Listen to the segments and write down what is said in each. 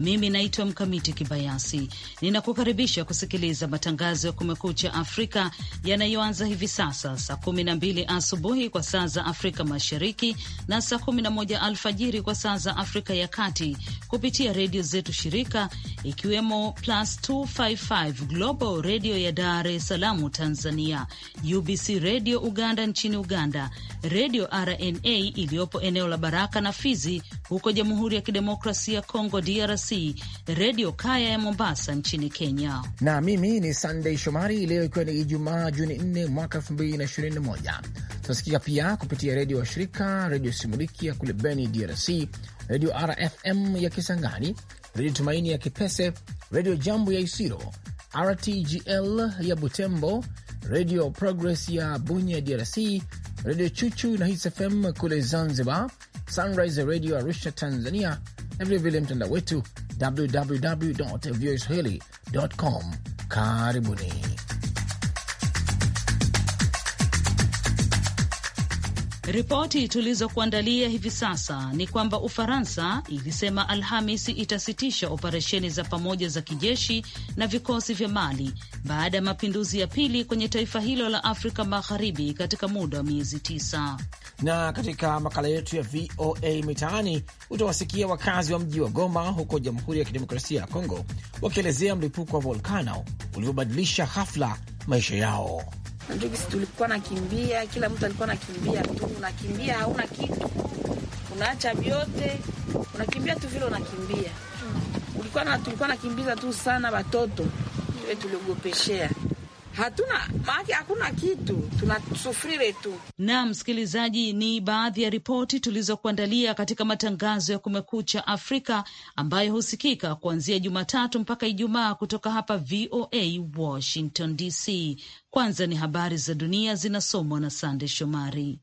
Mimi naitwa Mkamiti Kibayasi, ninakukaribisha kusikiliza matangazo ya Kumekucha Afrika yanayoanza hivi sasa saa 12 asubuhi kwa saa za Afrika Mashariki na saa 11 alfajiri kwa saa za Afrika ya Kati kupitia redio zetu shirika, ikiwemo Plus 255 Global Radio ya Dar es Salaam Tanzania, UBC Radio Uganda nchini Uganda, Redio RNA iliyopo eneo la Baraka na Fizi huko Jamhuri ya Kidemokrasia ya Kongo DRC KBC, Redio Kaya ya Mombasa nchini Kenya. Na mimi ni sandey Shomari. Leo ikiwa ni Ijumaa Juni 4 mwaka 2021, tunasikika pia kupitia redio washirika, Redio Simuliki ya kule Beni DRC, Redio RFM ya Kisangani, Redio Tumaini ya Kipese, Redio Jambo ya Isiro, RTGL ya Butembo, Redio Progress ya Bunya DRC, Redio Chuchu na Hits FM kule Zanzibar, Sunrise Radio Arusha Tanzania, na vilevile mtandao wetu www voaswahili com. Karibuni. Ripoti tulizokuandalia hivi sasa ni kwamba Ufaransa ilisema alhamis itasitisha operesheni za pamoja za kijeshi na vikosi vya Mali baada ya mapinduzi ya pili kwenye taifa hilo la Afrika Magharibi katika muda wa miezi tisa. Na katika makala yetu ya VOA Mitaani utawasikia wakazi wa mji wa Goma huko Jamhuri ya Kidemokrasia ya Kongo wakielezea mlipuko wa volkano uliobadilisha ghafla maisha yao. Ndugu, sisi tulikuwa nakimbia, kila mtu alikuwa nakimbia tu, unakimbia hauna kitu, unaacha vyote, unakimbia tu vile unakimbia. Hmm. Ulikuwa na tulikuwa nakimbiza tu sana watoto, tuliogopeshea hatuna maake, hakuna kitu tunasufrire tu. Na msikilizaji, ni baadhi ya ripoti tulizokuandalia katika matangazo ya Kumekucha Afrika ambayo husikika kuanzia Jumatatu mpaka Ijumaa kutoka hapa VOA Washington DC. Kwanza ni habari za dunia zinasomwa na Sande Shomari.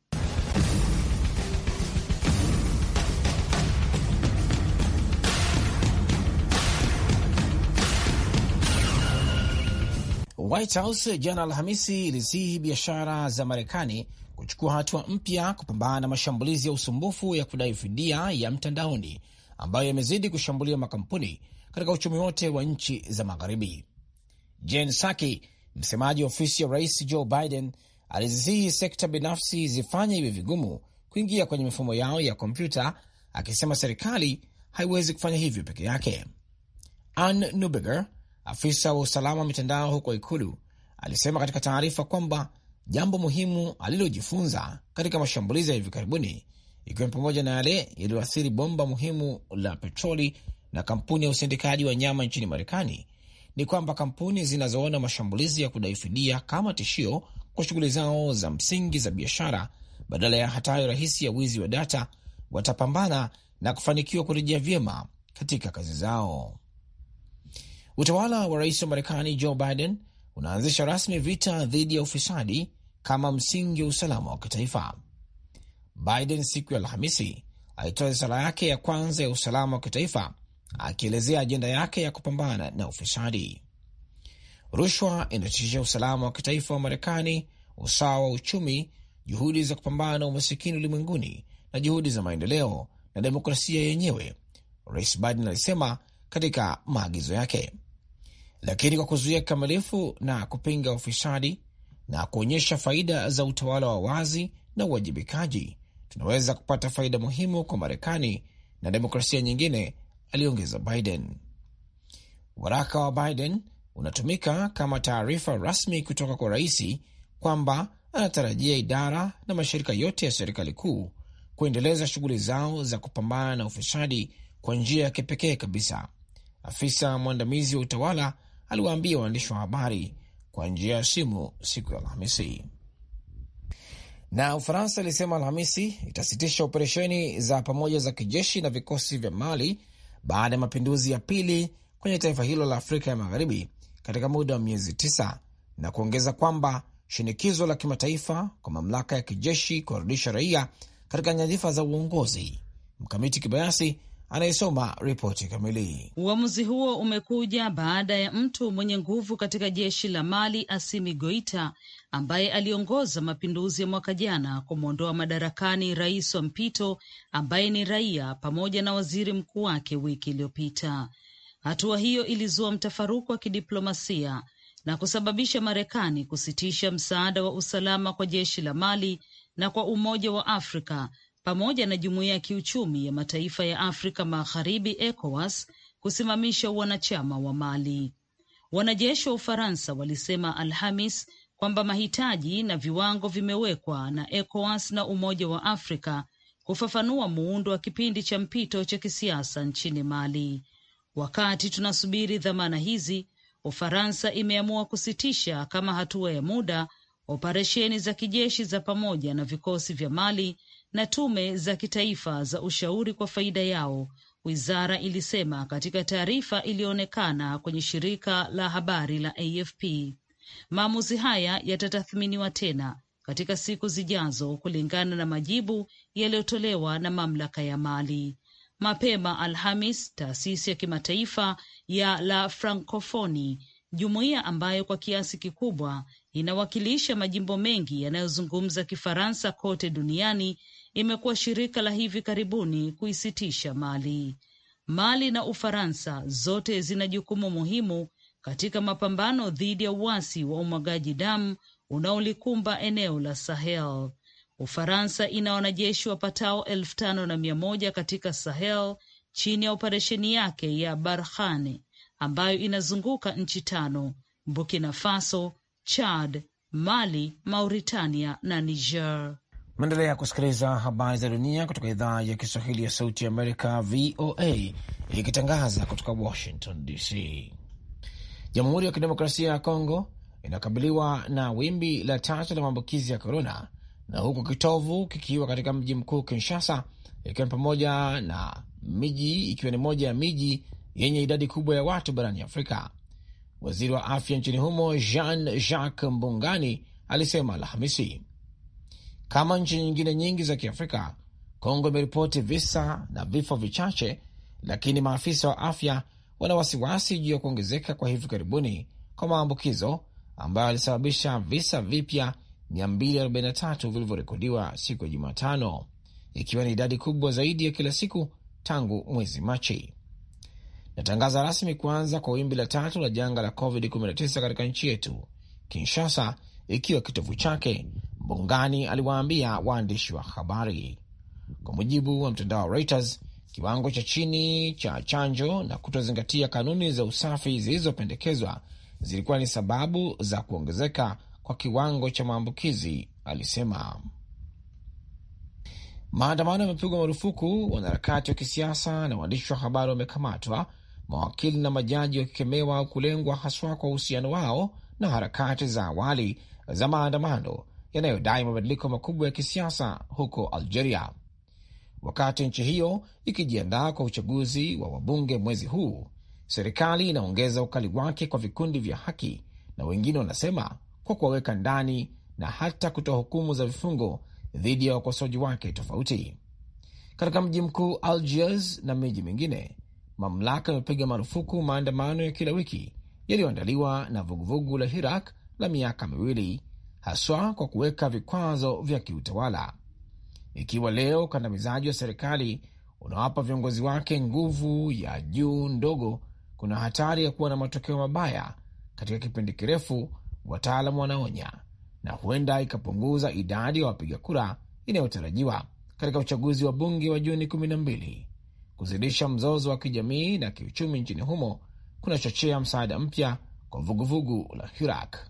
White House jana Alhamisi ilisihi biashara za Marekani kuchukua hatua mpya kupambana na mashambulizi ya usumbufu ya kudai fidia ya mtandaoni ambayo yamezidi kushambulia makampuni katika uchumi wote wa nchi za magharibi. Jen Psaki, msemaji wa ofisi ya rais Joe Biden, alizisihi sekta binafsi zifanye iwe vigumu kuingia kwenye mifumo yao ya kompyuta, akisema serikali haiwezi kufanya hivyo peke yake. Ann Neuberger Afisa wa usalama wa mitandao huko Ikulu alisema katika taarifa kwamba jambo muhimu alilojifunza katika mashambulizi ya hivi karibuni, ikiwa ni pamoja na yale yaliyoathiri bomba muhimu la petroli na kampuni ya usindikaji wa nyama nchini Marekani, ni kwamba kampuni zinazoona mashambulizi ya kudai fidia kama tishio kwa shughuli zao za msingi za biashara badala ya hatari rahisi ya wizi wa data watapambana na kufanikiwa kurejea vyema katika kazi zao. Utawala wa rais wa Marekani Joe Biden unaanzisha rasmi vita dhidi ya ufisadi kama msingi wa usalama wa kitaifa. Biden siku ya Alhamisi alitoa risala yake ya kwanza ya usalama wa kitaifa akielezea ajenda yake ya kupambana na ufisadi. Rushwa inatishia usalama wa kitaifa wa Marekani, usawa wa uchumi, juhudi za kupambana na umasikini ulimwenguni na juhudi za maendeleo na demokrasia yenyewe, Rais Biden alisema katika maagizo yake lakini kwa kuzuia kikamilifu na kupinga ufisadi na kuonyesha faida za utawala wa wazi na uwajibikaji, tunaweza kupata faida muhimu kwa Marekani na demokrasia nyingine, aliongeza Biden. Waraka wa Biden unatumika kama taarifa rasmi kutoka kwa raisi kwamba anatarajia idara na mashirika yote ya serikali kuu kuendeleza shughuli zao za kupambana na ufisadi kwa njia ya kipekee kabisa. Afisa mwandamizi wa utawala aliwaambia waandishi wa habari kwa njia ya simu siku ya Alhamisi. Na Ufaransa ilisema Alhamisi itasitisha operesheni za pamoja za kijeshi na vikosi vya Mali baada ya mapinduzi ya pili kwenye taifa hilo la Afrika ya Magharibi katika muda wa miezi tisa na kuongeza kwamba shinikizo la kimataifa kwa mamlaka ya kijeshi kuwarudisha raia katika nyadhifa za uongozi. Mkamiti Kibayasi anayesoma ripoti kamili. Uamuzi huo umekuja baada ya mtu mwenye nguvu katika jeshi la Mali, Asimi Goita, ambaye aliongoza mapinduzi ya mwaka jana kumwondoa madarakani rais wa mpito ambaye ni raia pamoja na waziri mkuu wake wiki iliyopita. Hatua hiyo ilizua mtafaruku wa kidiplomasia na kusababisha Marekani kusitisha msaada wa usalama kwa jeshi la Mali na kwa Umoja wa Afrika pamoja na jumuiya ya kiuchumi ya mataifa ya Afrika Magharibi ECOWAS kusimamisha uwanachama wa Mali. Wanajeshi wa Ufaransa walisema Alhamis kwamba mahitaji na viwango vimewekwa na ECOWAS na Umoja wa Afrika kufafanua muundo wa kipindi cha mpito cha kisiasa nchini Mali. Wakati tunasubiri dhamana hizi, Ufaransa imeamua kusitisha kama hatua ya muda operesheni za kijeshi za pamoja na vikosi vya Mali na tume za kitaifa za ushauri kwa faida yao, wizara ilisema katika taarifa iliyoonekana kwenye shirika la habari la AFP. Maamuzi haya yatatathminiwa tena katika siku zijazo kulingana na majibu yaliyotolewa na mamlaka ya Mali. Mapema Alhamis, taasisi ya kimataifa ya La Francofoni, jumuiya ambayo kwa kiasi kikubwa inawakilisha majimbo mengi yanayozungumza Kifaransa kote duniani, imekuwa shirika la hivi karibuni kuisitisha Mali. Mali na Ufaransa zote zina jukumu muhimu katika mapambano dhidi ya uasi wa umwagaji damu unaolikumba eneo la Sahel. Ufaransa ina wanajeshi wapatao elfu tano na mia moja katika Sahel chini ya operesheni yake ya Barkhane ambayo inazunguka nchi tano: Burkina Faso, Chad, Mali, Mauritania na Niger. Maendelea kusikiliza habari za dunia kutoka idhaa ya Kiswahili ya Sauti ya Amerika, VOA, ikitangaza kutoka Washington DC. Jamhuri ya Kidemokrasia ya Kongo inakabiliwa na wimbi la tatu la maambukizi ya korona, na huku kitovu kikiwa katika mji mkuu Kinshasa, ikiwa ni pamoja na miji ikiwa ni moja ya miji yenye idadi kubwa ya watu barani Afrika. Waziri wa afya nchini humo Jean Jacques Mbungani alisema Alhamisi. Kama nchi nyingine nyingi za Kiafrika, Kongo imeripoti visa na vifo vichache, lakini maafisa wa afya wana wasiwasi juu ya kuongezeka kwa hivi karibuni kwa maambukizo ambayo alisababisha visa vipya 243 vilivyorekodiwa siku ya Jumatano, ikiwa ni idadi kubwa zaidi ya kila siku tangu mwezi Machi inatangaza rasmi kuanza kwa wimbi la tatu la janga la COVID-19 katika nchi yetu, Kinshasa ikiwa kitovu chake. Mbongani aliwaambia waandishi wa habari. Kwa mujibu wa mtandao wa Reuters, kiwango cha chini cha chanjo na kutozingatia kanuni za usafi zilizopendekezwa zilikuwa ni sababu za kuongezeka kwa kiwango cha maambukizi, alisema. Maandamano yamepigwa marufuku, wanaharakati wa kisiasa na waandishi wa habari wamekamatwa mawakili na majaji wakikemewa au kulengwa haswa kwa uhusiano wao na harakati za awali za maandamano yanayodai mabadiliko makubwa ya kisiasa huko Algeria. Wakati nchi hiyo ikijiandaa kwa uchaguzi wa wabunge mwezi huu, serikali inaongeza ukali wake kwa vikundi vya haki, na wengine wanasema kwa kuwaweka ndani na hata kutoa hukumu za vifungo dhidi ya wakosoaji wake tofauti. Katika mji mkuu Algiers na miji mingine, mamlaka yamepiga marufuku maandamano ya kila wiki yaliyoandaliwa na vuguvugu la Hirak la miaka miwili, haswa kwa kuweka vikwazo vya kiutawala. Ikiwa leo ukandamizaji wa serikali unawapa viongozi wake nguvu ya juu ndogo, kuna hatari ya kuwa na matokeo mabaya katika kipindi kirefu, wataalamu wanaonya, na huenda ikapunguza idadi ya wapiga kura inayotarajiwa katika uchaguzi wa bunge wa Juni 12 kuzidisha mzozo wa kijamii na kiuchumi nchini humo kunachochea msaada mpya kwa vuguvugu la Hirak.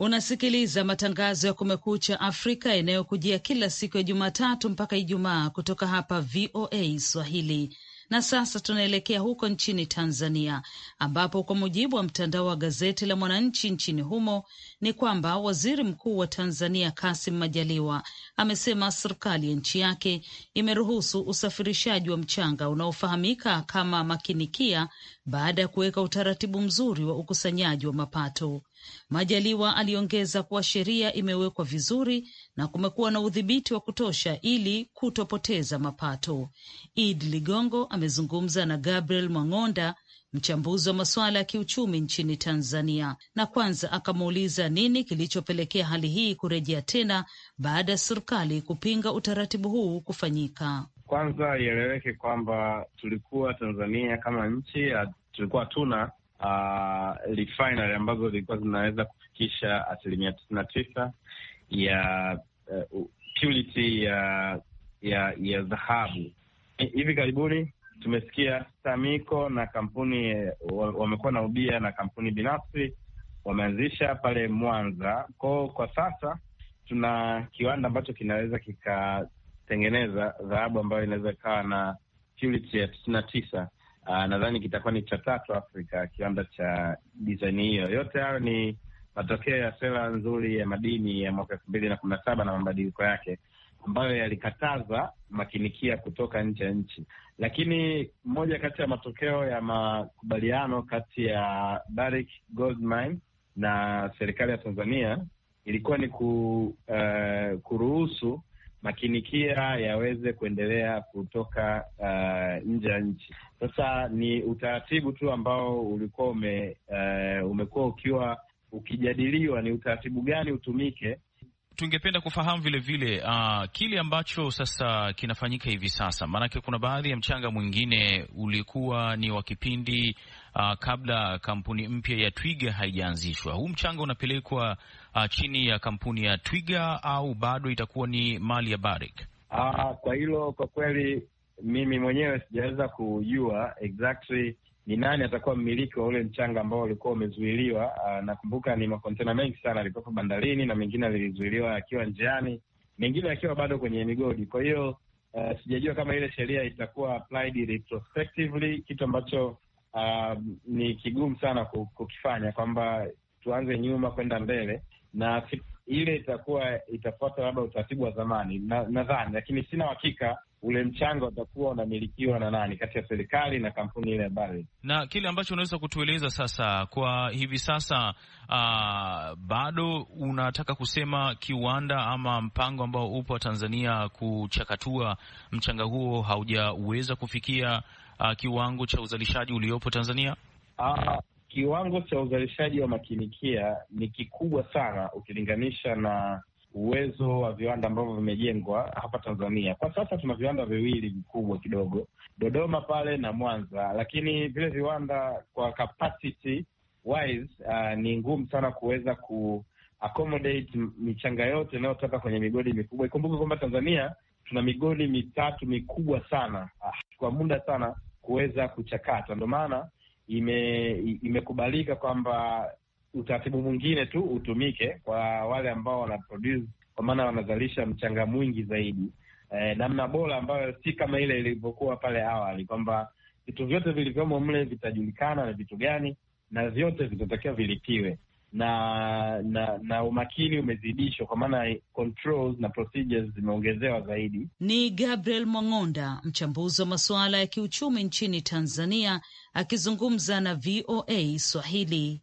Unasikiliza matangazo ya Kumekucha Afrika yanayokujia kila siku ya Jumatatu mpaka Ijumaa kutoka hapa VOA Swahili. Na sasa tunaelekea huko nchini Tanzania, ambapo kwa mujibu wa mtandao wa gazeti la Mwananchi nchini humo ni kwamba waziri mkuu wa Tanzania Kasim Majaliwa amesema serikali ya nchi yake imeruhusu usafirishaji wa mchanga unaofahamika kama makinikia baada ya kuweka utaratibu mzuri wa ukusanyaji wa mapato. Majaliwa aliongeza kuwa sheria imewekwa vizuri na kumekuwa na udhibiti wa kutosha ili kutopoteza mapato. Id Ligongo amezungumza na Gabriel Mwang'onda, mchambuzi wa masuala ya kiuchumi nchini Tanzania, na kwanza akamuuliza nini kilichopelekea hali hii kurejea tena baada ya serikali kupinga utaratibu huu kufanyika. Kwanza ieleweke kwamba tulikuwa Tanzania kama nchi tulikuwa hatuna uh, refinery ambazo zilikuwa zinaweza kufikisha asilimia tisini na tisa ya uh, purity ya ya ya dhahabu. Hivi karibuni tumesikia Samiko na kampuni uh, wamekuwa na ubia na kampuni binafsi wameanzisha pale Mwanza kwao. Kwa sasa tuna kiwanda ambacho kinaweza kikatengeneza dhahabu ambayo inaweza ikawa na purity ya tisini na tisa. Uh, nadhani kitakuwa ni cha tatu Afrika kiwanda cha dizaini hiyo. Yote hayo ni matokeo ya sera nzuri ya madini ya mwaka elfu mbili na kumi na saba na mabadiliko yake ambayo yalikataza makinikia kutoka nje ya nchi. Lakini moja kati ya matokeo ya makubaliano kati ya Barrick Gold Mine na serikali ya Tanzania ilikuwa ni ku, uh, kuruhusu makinikia yaweze kuendelea kutoka uh, nje ya nchi. Sasa ni utaratibu tu ambao ulikuwa ume, uh, umekuwa ukiwa ukijadiliwa ni utaratibu gani utumike. Tungependa kufahamu vilevile uh, kile ambacho sasa kinafanyika hivi sasa, maanake kuna baadhi ya mchanga mwingine ulikuwa ni wa kipindi uh, kabla kampuni mpya ya Twiga haijaanzishwa. Huu mchanga unapelekwa uh, chini ya kampuni ya Twiga au bado itakuwa ni mali ya Barrick? Uh, kwa hilo kwa kweli mimi mwenyewe sijaweza kujua exactly ni nani atakuwa mmiliki wa ule mchanga ambao ulikuwa umezuiliwa. Uh, nakumbuka ni makontena mengi sana alikuwepo bandarini na mengine yalizuiliwa yakiwa njiani, mengine yakiwa bado kwenye migodi. Kwa hiyo uh, sijajua kama ile sheria itakuwa applied retrospectively, kitu ambacho uh, ni kigumu sana kukifanya kwamba tuanze nyuma kwenda mbele na ile itakuwa itafuata labda utaratibu wa zamani nadhani na, lakini sina uhakika ule mchanga utakuwa unamilikiwa na nani kati ya serikali na kampuni ile ambayo. Na kile ambacho unaweza kutueleza sasa, kwa hivi sasa, uh, bado unataka kusema kiwanda ama mpango ambao upo Tanzania kuchakatua mchanga huo haujaweza kufikia uh, kiwango cha uzalishaji uliopo Tanzania? Ah, kiwango cha uzalishaji wa makinikia ni kikubwa sana ukilinganisha na uwezo wa viwanda ambavyo vimejengwa hapa Tanzania. Kwa sasa tuna viwanda viwili vikubwa kidogo, Dodoma pale na Mwanza, lakini vile viwanda kwa capacity wise uh, ni ngumu sana kuweza ku accommodate michanga yote inayotoka kwenye migodi mikubwa. Ikumbuke kwamba Tanzania tuna migodi mitatu mikubwa sana uh, kwa muda sana kuweza kuchakata, ndo maana ime, imekubalika kwamba utaratibu mwingine tu utumike kwa wale ambao wanaproduce, kwa maana wanazalisha mchanga mwingi zaidi, e, namna bora ambayo si kama ile ilivyokuwa pale awali, kwamba vitu vyote vilivyomo mle vitajulikana na vitu gani, na vyote vitatakiwa vilipiwe na na na umakini umezidishwa kwa maana controls na procedures zimeongezewa zaidi. Ni Gabriel Mwang'onda, mchambuzi wa masuala ya kiuchumi nchini Tanzania, akizungumza na VOA Swahili.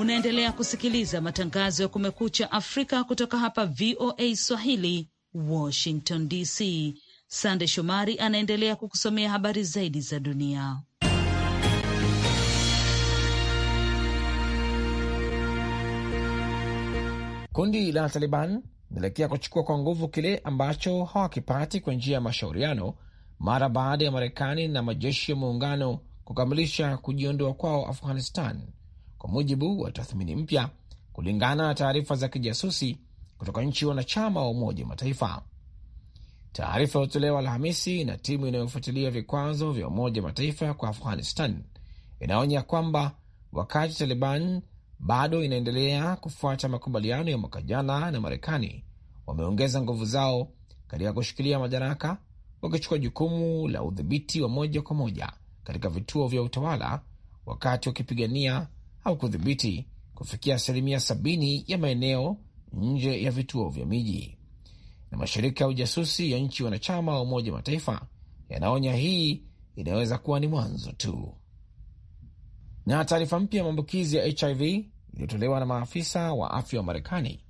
Unaendelea kusikiliza matangazo ya Kumekucha Afrika kutoka hapa VOA Swahili, Washington DC. Sande Shomari anaendelea kukusomea habari zaidi za dunia. Kundi la Taliban inaelekea kuchukua kwa nguvu kile ambacho hawakipati kwa njia ya mashauriano mara baada ya Marekani na majeshi ya muungano kukamilisha kujiondoa kwao Afghanistan, kwa mujibu wa tathmini mpya, kulingana na taarifa za kijasusi kutoka nchi wanachama wa Umoja wa Mataifa. Taarifa iliyotolewa Alhamisi na timu inayofuatilia vikwazo vya Umoja wa Mataifa kwa Afghanistan inaonya kwamba wakati Taliban bado inaendelea kufuata makubaliano ya mwaka jana na Marekani, wameongeza nguvu zao katika kushikilia madaraka, wakichukua jukumu la udhibiti wa moja kwa moja katika vituo vya utawala, wakati wakipigania au kudhibiti kufikia asilimia sabini ya maeneo nje ya vituo vya miji. Na mashirika ya ujasusi ya nchi wanachama wa Umoja Mataifa yanaonya hii inaweza kuwa ni mwanzo tu. Na taarifa mpya ya maambukizi ya HIV iliyotolewa na maafisa wa afya wa Marekani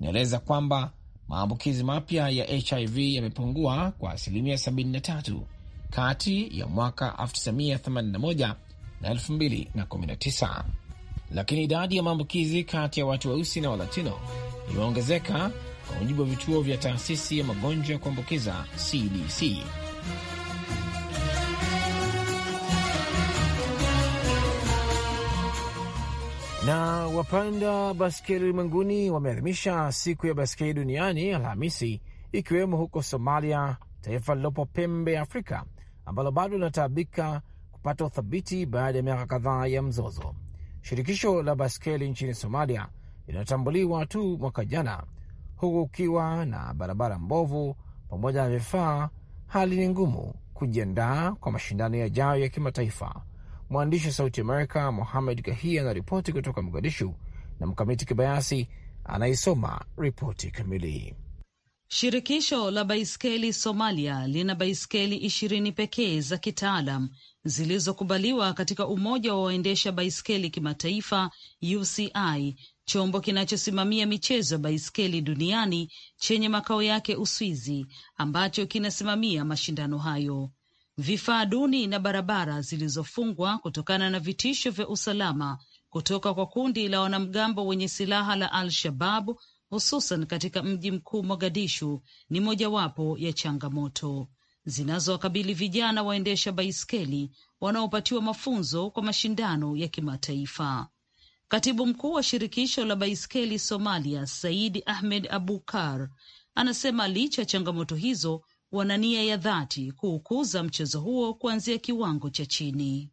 inaeleza kwamba maambukizi mapya ya HIV yamepungua kwa asilimia 73 kati ya mwaka 1981 na 2019, lakini idadi ya maambukizi kati ya watu weusi na walatino imeongezeka, kwa mujibu wa vituo vya taasisi ya magonjwa ya kuambukiza CDC. Na wapanda baskeli ulimwenguni wameadhimisha siku ya baskeli duniani Alhamisi, ikiwemo huko Somalia, taifa lilopo pembe ya Afrika ambalo bado linataabika kupata uthabiti baada ya miaka kadhaa ya mzozo. Shirikisho la baskeli nchini Somalia linatambuliwa tu mwaka jana, huku ukiwa na barabara mbovu pamoja na vifaa, hali ni ngumu kujiandaa kwa mashindano yajayo ya kimataifa. Mwandishi wa Sauti Amerika Mohamed Kahia anaripoti kutoka Mogadishu na Mkamiti Kibayasi anaisoma ripoti kamili. Shirikisho la baiskeli Somalia lina baiskeli ishirini pekee za kitaalam zilizokubaliwa katika Umoja wa Waendesha Baiskeli Kimataifa, UCI, chombo kinachosimamia michezo ya baiskeli duniani chenye makao yake Uswizi, ambacho kinasimamia mashindano hayo vifaa duni na barabara zilizofungwa kutokana na vitisho vya usalama kutoka kwa kundi la wanamgambo wenye silaha la Al-Shababu hususan katika mji mkuu Mogadishu ni mojawapo ya changamoto zinazowakabili vijana waendesha baiskeli wanaopatiwa mafunzo kwa mashindano ya kimataifa. Katibu mkuu wa shirikisho la baiskeli Somalia, Saidi Ahmed Abukar, anasema licha ya changamoto hizo, wana nia ya dhati kuukuza mchezo huo kuanzia kiwango cha chini.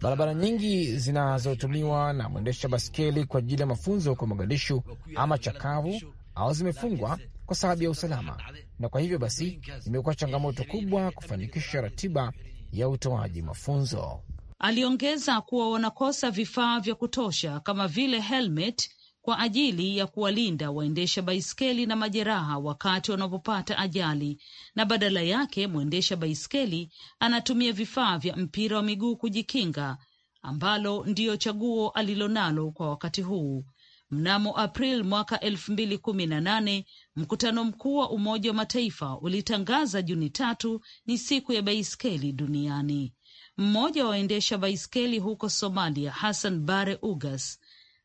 Barabara nyingi zinazotumiwa na mwendesha baskeli kwa ajili ya mafunzo kwa Mogadishu ama chakavu au zimefungwa kwa sababu ya usalama, na kwa hivyo basi imekuwa changamoto kubwa kufanikisha ratiba ya utoaji mafunzo. Aliongeza kuwa wanakosa vifaa vya kutosha kama vile helmet kwa ajili ya kuwalinda waendesha baiskeli na majeraha wakati wanapopata ajali, na badala yake mwendesha baiskeli anatumia vifaa vya mpira wa miguu kujikinga, ambalo ndiyo chaguo alilonalo kwa wakati huu. Mnamo april mwaka elfu mbili kumi na nane mkutano mkuu wa Umoja wa Mataifa ulitangaza Juni tatu ni siku ya baiskeli duniani. Mmoja wa waendesha baiskeli huko Somalia, Hassan Bare Ugas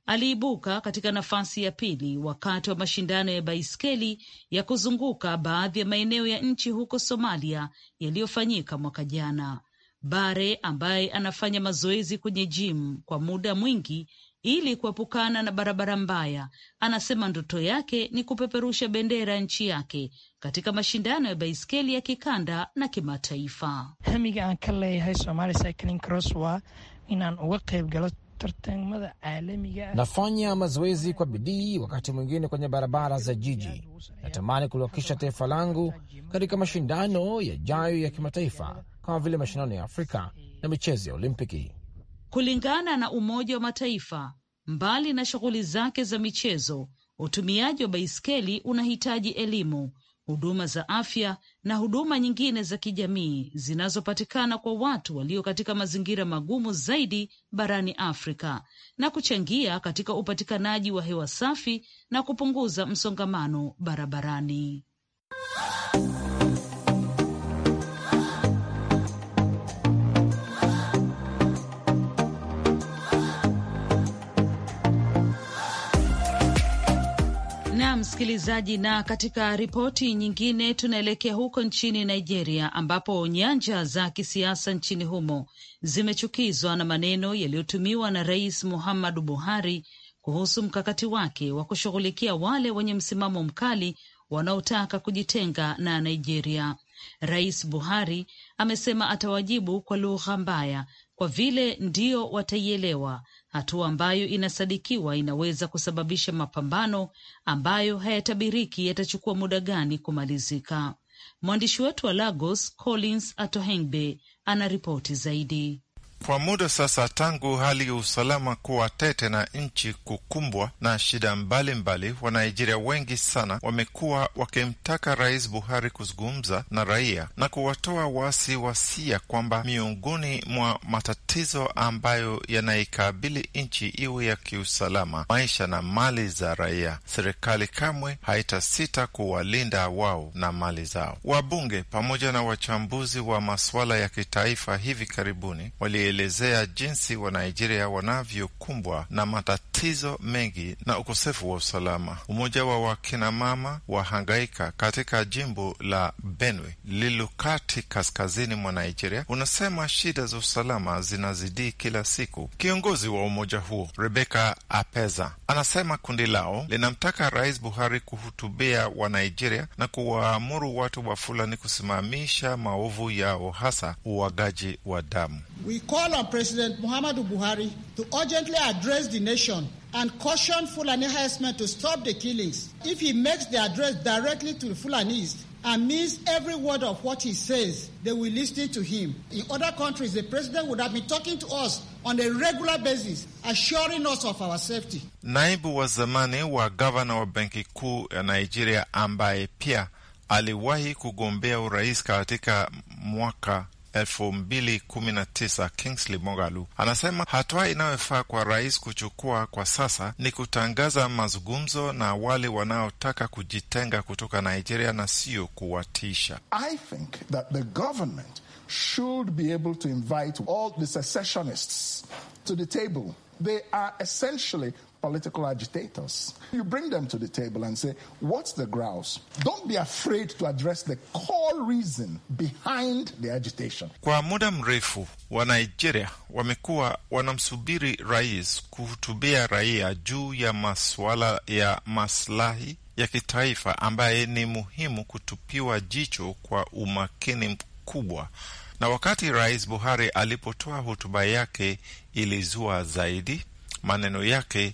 aliibuka katika nafasi ya pili wakati wa mashindano ya baiskeli ya kuzunguka baadhi ya maeneo ya nchi huko Somalia yaliyofanyika mwaka jana. Bare ambaye anafanya mazoezi kwenye jimu kwa muda mwingi ili kuepukana na barabara mbaya, anasema ndoto yake ni kupeperusha bendera ya nchi yake katika mashindano ya baiskeli ya kikanda na kimataifa. hamiga aan ka leeyahay Somalia Cycling Cross waa inaan uga qayb galo tartamada caalamiga. Nafanya mazoezi kwa bidii, wakati mwingine kwenye barabara za jiji. Natamani kuliwakilisha taifa langu katika mashindano yajayo ya kimataifa kama vile mashindano ya Afrika na michezo ya Olimpiki. Kulingana na Umoja wa Mataifa, mbali na shughuli zake za michezo, utumiaji wa baiskeli unahitaji elimu huduma za afya na huduma nyingine za kijamii zinazopatikana kwa watu walio katika mazingira magumu zaidi barani Afrika na kuchangia katika upatikanaji wa hewa safi na kupunguza msongamano barabarani. msikilizaji. Na katika ripoti nyingine, tunaelekea huko nchini Nigeria ambapo nyanja za kisiasa nchini humo zimechukizwa na maneno yaliyotumiwa na Rais Muhammadu Buhari kuhusu mkakati wake wa kushughulikia wale wenye msimamo mkali wanaotaka kujitenga na Nigeria. Rais Buhari amesema atawajibu kwa lugha mbaya kwa vile ndio wataielewa, hatua ambayo inasadikiwa inaweza kusababisha mapambano ambayo hayatabiriki yatachukua muda gani kumalizika. Mwandishi wetu wa Lagos Collins Atohengbe ana ripoti zaidi. Kwa muda sasa tangu hali ya usalama kuwa tete na nchi kukumbwa na shida mbalimbali, Wanaijeria wengi sana wamekuwa wakimtaka Rais Buhari kuzungumza na raia na kuwatoa wasi wasia kwamba miongoni mwa matatizo ambayo yanaikabili nchi iwe ya kiusalama, maisha na mali za raia. Serikali kamwe haitasita kuwalinda wao na mali zao. Wabunge pamoja na wachambuzi wa masuala ya kitaifa hivi karibuni wali alielezea jinsi Wanigeria wanavyokumbwa na matatizo mengi na ukosefu wa usalama. Umoja wa wakinamama wahangaika katika jimbo la Benue lililokati kaskazini mwa Nigeria unasema shida za usalama zinazidii kila siku. Kiongozi wa umoja huo Rebeka Apeza anasema kundi lao linamtaka Rais Buhari kuhutubia Wanigeria na kuwaamuru watu wa Fulani kusimamisha maovu yao, hasa uwagaji wa damu. We call on President Muhammadu Buhari to urgently address the nation and caution Fulani herdsmen to stop the killings. If he makes the address directly to the Fulanis and means every word of what he says, they will listen to him. In other countries, the president would have been talking to us on a regular basis, assuring us of our safety. Naibu was the man who was governor benki kuu ya Nigeria ambaye pia aliwahi kugombea urais katika mwaka elfu mbili kumi na tisa Kingsley Mogalu anasema hatua inayofaa kwa rais kuchukua kwa sasa ni kutangaza mazungumzo na wale wanaotaka kujitenga kutoka Nigeria na sio kuwatisha. I think that the government should be able to invite all the secessionists to the table. They are essentially political agitators. You bring them to the table and say, What's the grouse? Don't be afraid to address the core reason behind the agitation. Kwa muda mrefu wa Nigeria wamekuwa wanamsubiri rais kuhutubia raia juu ya masuala ya maslahi ya kitaifa ambaye ni muhimu kutupiwa jicho kwa umakini mkubwa. Na wakati Rais Buhari alipotoa hotuba yake ilizua zaidi maneno yake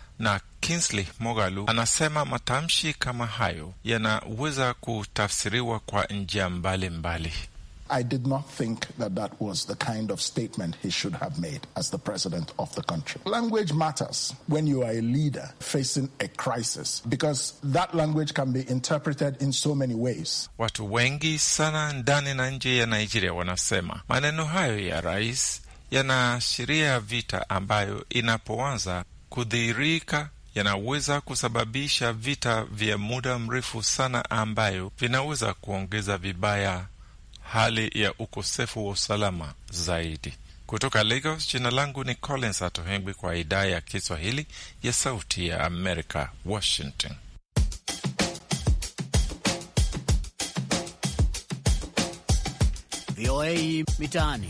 na Kingsley Mogalu anasema matamshi kama hayo yanaweza kutafsiriwa kwa njia mbalimbali. I did not think that that was the kind of statement he should have made as the president of the country. Language matters when you are a leader facing a crisis because that language can be interpreted in so many ways. Watu wengi sana ndani na nje ya Nigeria wanasema maneno hayo ya rais yanaashiria vita ambayo inapoanza kudhihirika yanaweza kusababisha vita vya muda mrefu sana ambayo vinaweza kuongeza vibaya hali ya ukosefu wa usalama zaidi. Kutoka Lagos, jina langu ni Collins Atohengwi kwa idhaa ya Kiswahili ya Sauti ya Amerika, Washington. VOA Mitaani.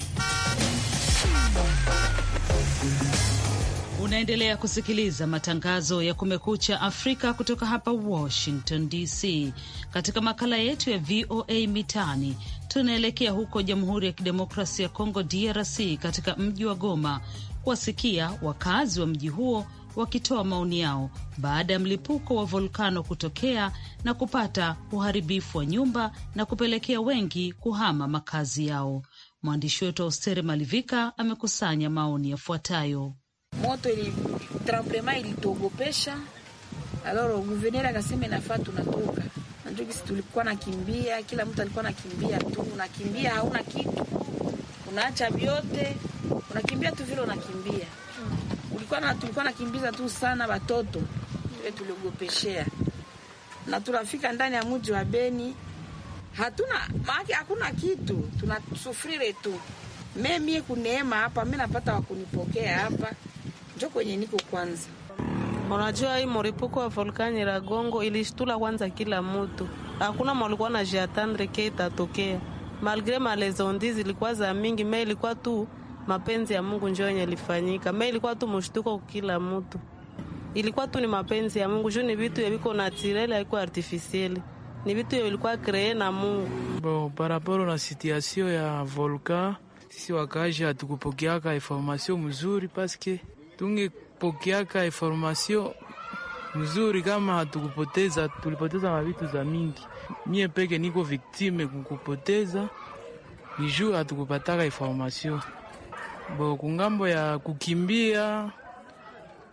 Unaendelea kusikiliza matangazo ya Kumekucha Afrika kutoka hapa Washington DC. Katika makala yetu ya VOA Mitaani, tunaelekea huko Jamhuri ya Kidemokrasia ya Kongo, DRC, katika mji wa Goma kuwasikia wakazi wa mji huo wakitoa maoni yao baada ya mlipuko wa volkano kutokea na kupata uharibifu wa nyumba na kupelekea wengi kuhama makazi yao. Mwandishi wetu Austeri Malivika amekusanya maoni yafuatayo moto ili tremplema ilitogopesha. Alors guverner akasema inafaa tunatoka. Najua kisi tulikuwa nakimbia, kila mtu alikuwa nakimbia tu, unakimbia hauna kitu, unaacha vyote, unakimbia tu vile unakimbia. Ulikuwa na tulikuwa nakimbiza tu sana watoto ile tuliogopeshea, na tunafika ndani ya mji wa Beni, hatuna maana, hakuna kitu, tunasufrire tu. Mimi kuneema hapa, mimi napata wakunipokea hapa njo kwenye niko kwanza. Unajua, hii moripuko wa volkani la Gongo ilishtula kwanza kila mtu, hakuna mwalikuwa na jiatandre ke itatokea. Malgre malezondi zilikuwa za mingi, me ilikuwa tu mapenzi ya Mungu njo yenye ilifanyika. Me ilikuwa tu mshtuko kila mtu ilikuwa tu ni mapenzi ya Mungu juu ni vitu yaviko natireli, haiko artifisieli ni vitu ilikuwa kree na Mungu. Bo, paraporo na situasio ya volkan, sisi wakaji hatukupokeaka informasio mzuri paske tungepokeaka informasio mzuri kama hatukupoteza, tulipoteza mavitu za mingi. Mie peke niko viktime kukupoteza, ni juu hatukupataka informasio bo. Kungambo ya kukimbia,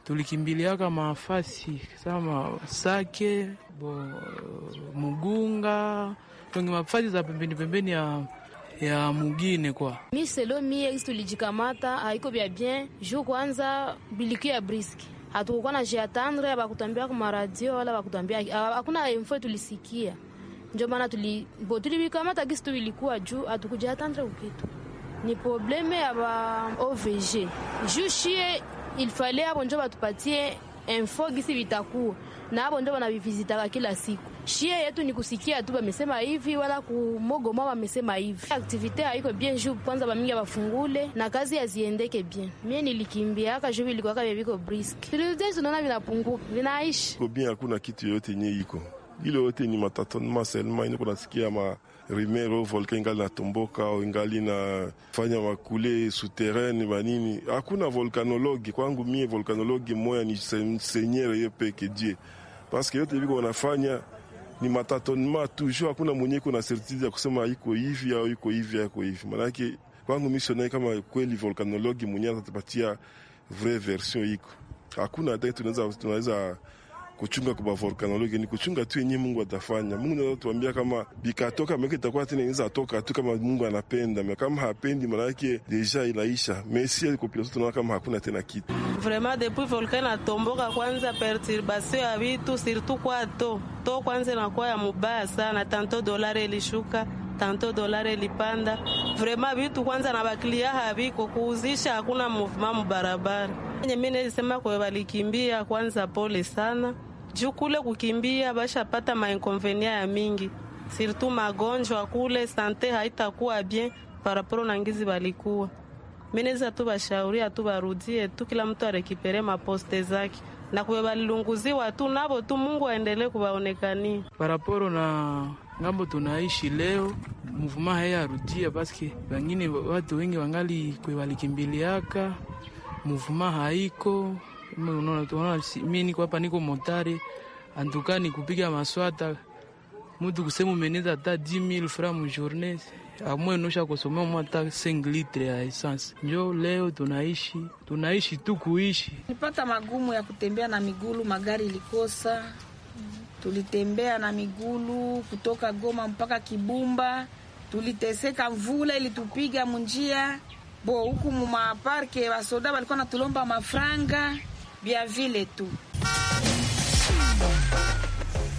tulikimbiliaka mafasi sama Sake bo Mugunga, tonge mafasi za pembeni pembeni ya ya mugine kwa mi selo mie tulijikamata haiko vya bien juu kwanza biliku ya briski hatukukuwa na jiatandre bakutambia kumaradio wala bakutambia hakuna info tulisikia njo maana tulivikamata gisi tu ilikuwa juu hatukujiatandre ukitu ni probleme ya ba OVG juu shie ilifale hapo njo batupatie info gisi vitakuwa na hapo ndio wanavivizitaka kila siku. Shie yetu ni kusikia tu wamesema hivi, wala kumogoma wamesema hivi. Aktivite haiko bien juu kwanza bamingi bafungule na kazi yaziendeke bien. Mie nilikimbia aka juu ilikuwa kama viko brisk, tulizezi tunaona vinapunguka vinaishi ko hakuna kitu yoyote yenye iko ile yote ni matatonma selma iniko nasikia ma rimero volka ingali natomboka au ingali fanya makule souterraine manini. Hakuna volkanologi kwangu mie, volkanologi moya ni senyere ye peke die, paske yote viko wanafanya ni matatonema toujours. Hakuna mwenye kuna certitude ya kusema iko hivi au iko hivi au hivi, manake kwangu misionai kama kweli volkanologi mwenye atatupatia vre version iko hakuna hata tunaweza kuchunga kwa volcano loge ni kuchunga tu yenye Mungu atafanya. Mungu ndio atuambia kama bikatoka meke itakuwa tena inaweza toka tu kama Mungu anapenda, na kama hapendi mara yake deja ilaisha. Messi alikopia sote tunaona kama hakuna tena kitu. Vraiment depuis volkano atomboka kwanza perturbation ya vitu surtout kwa to. To kwanza na kwa ya mubaya sana tanto dolari ilishuka tanto dolari ilipanda. Vrema vitu kwanza na baklia haviko kuuzisha, hakuna movement mubarabara. Mimi nilisema kwa walikimbia kwanza, pole sana juu kule kukimbia bashapata mainkonvenia ya mingi sirtu magonjwa kule sante haitakuwa bien paraporo na ngizi balikuwa mineza tu bashauria tu barudie tu kila mtu arekipere maposte zake na kuwe balilunguziwa tu nabo tu Mungu aendelee kubaonekania paraporo na ngambo tunaishi leo mvuma haya arudia paske wengine watu wengi wangali kwe walikimbiliaka mvuma haiko unaona, mimi niko hapa, niko motari antuka, nikupiga maswata mutu kusema umeneza ata 10000 francs mjourne amwe ah, nosha kusomea mwata 5 litre ya essence. Njo leo tunaishi tunaishi tu kuishi. Nipata magumu ya kutembea na migulu, magari ilikosa, tulitembea na migulu kutoka Goma mpaka Kibumba, tuliteseka, mvula ilitupiga munjia bo huku mumaparke, wasoda walikuwa natulomba mafranga vya vile tu.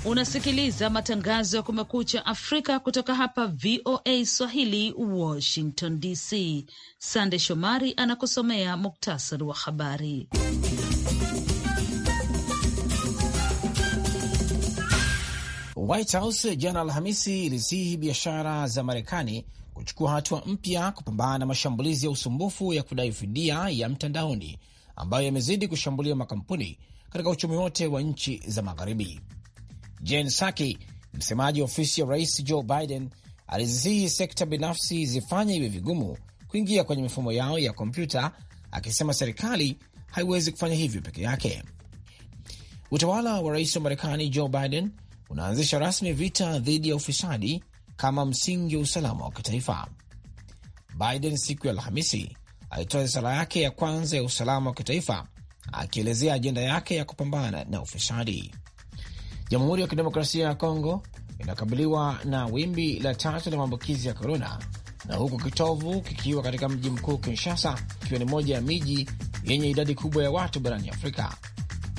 Unasikiliza matangazo ya Kumekucha Afrika kutoka hapa VOA Swahili, Washington DC. Sande Shomari anakusomea muktasari wa habari. White House jana Alhamisi ilisihi biashara za Marekani kuchukua hatua mpya kupambana na mashambulizi ya usumbufu ya kudai fidia ya mtandaoni ambayo yamezidi kushambulia makampuni katika uchumi wote wa nchi za magharibi. Jen Psaki, msemaji wa ofisi ya rais Joe Biden, alizisihi sekta binafsi zifanye iwe vigumu kuingia kwenye mifumo yao ya kompyuta, akisema serikali haiwezi kufanya hivyo peke yake. Utawala wa rais wa Marekani Joe Biden unaanzisha rasmi vita dhidi ya ufisadi kama msingi wa usalama wa kitaifa. Biden siku ya Alhamisi alitoa risala yake ya kwanza ya usalama wa kitaifa akielezea ajenda yake ya kupambana na ufisadi. Jamhuri ya Kidemokrasia ya Kongo inakabiliwa na wimbi la tatu la maambukizi ya korona, na huku kitovu kikiwa katika mji mkuu Kinshasa, ikiwa ni moja ya miji yenye idadi kubwa ya watu barani Afrika.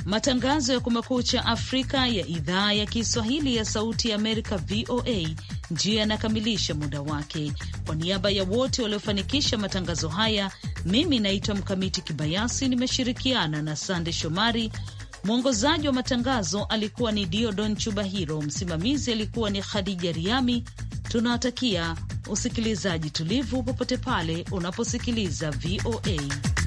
Matangazo ya Kumekucha Afrika ya idhaa ya Kiswahili ya Sauti ya Amerika, VOA, ndiyo yanakamilisha muda wake. Kwa niaba ya wote waliofanikisha matangazo haya, mimi naitwa Mkamiti Kibayasi, nimeshirikiana na Sande Shomari. Mwongozaji wa matangazo alikuwa ni Diodon Chubahiro, msimamizi alikuwa ni Khadija Riami. Tunawatakia usikilizaji tulivu popote pale unaposikiliza VOA.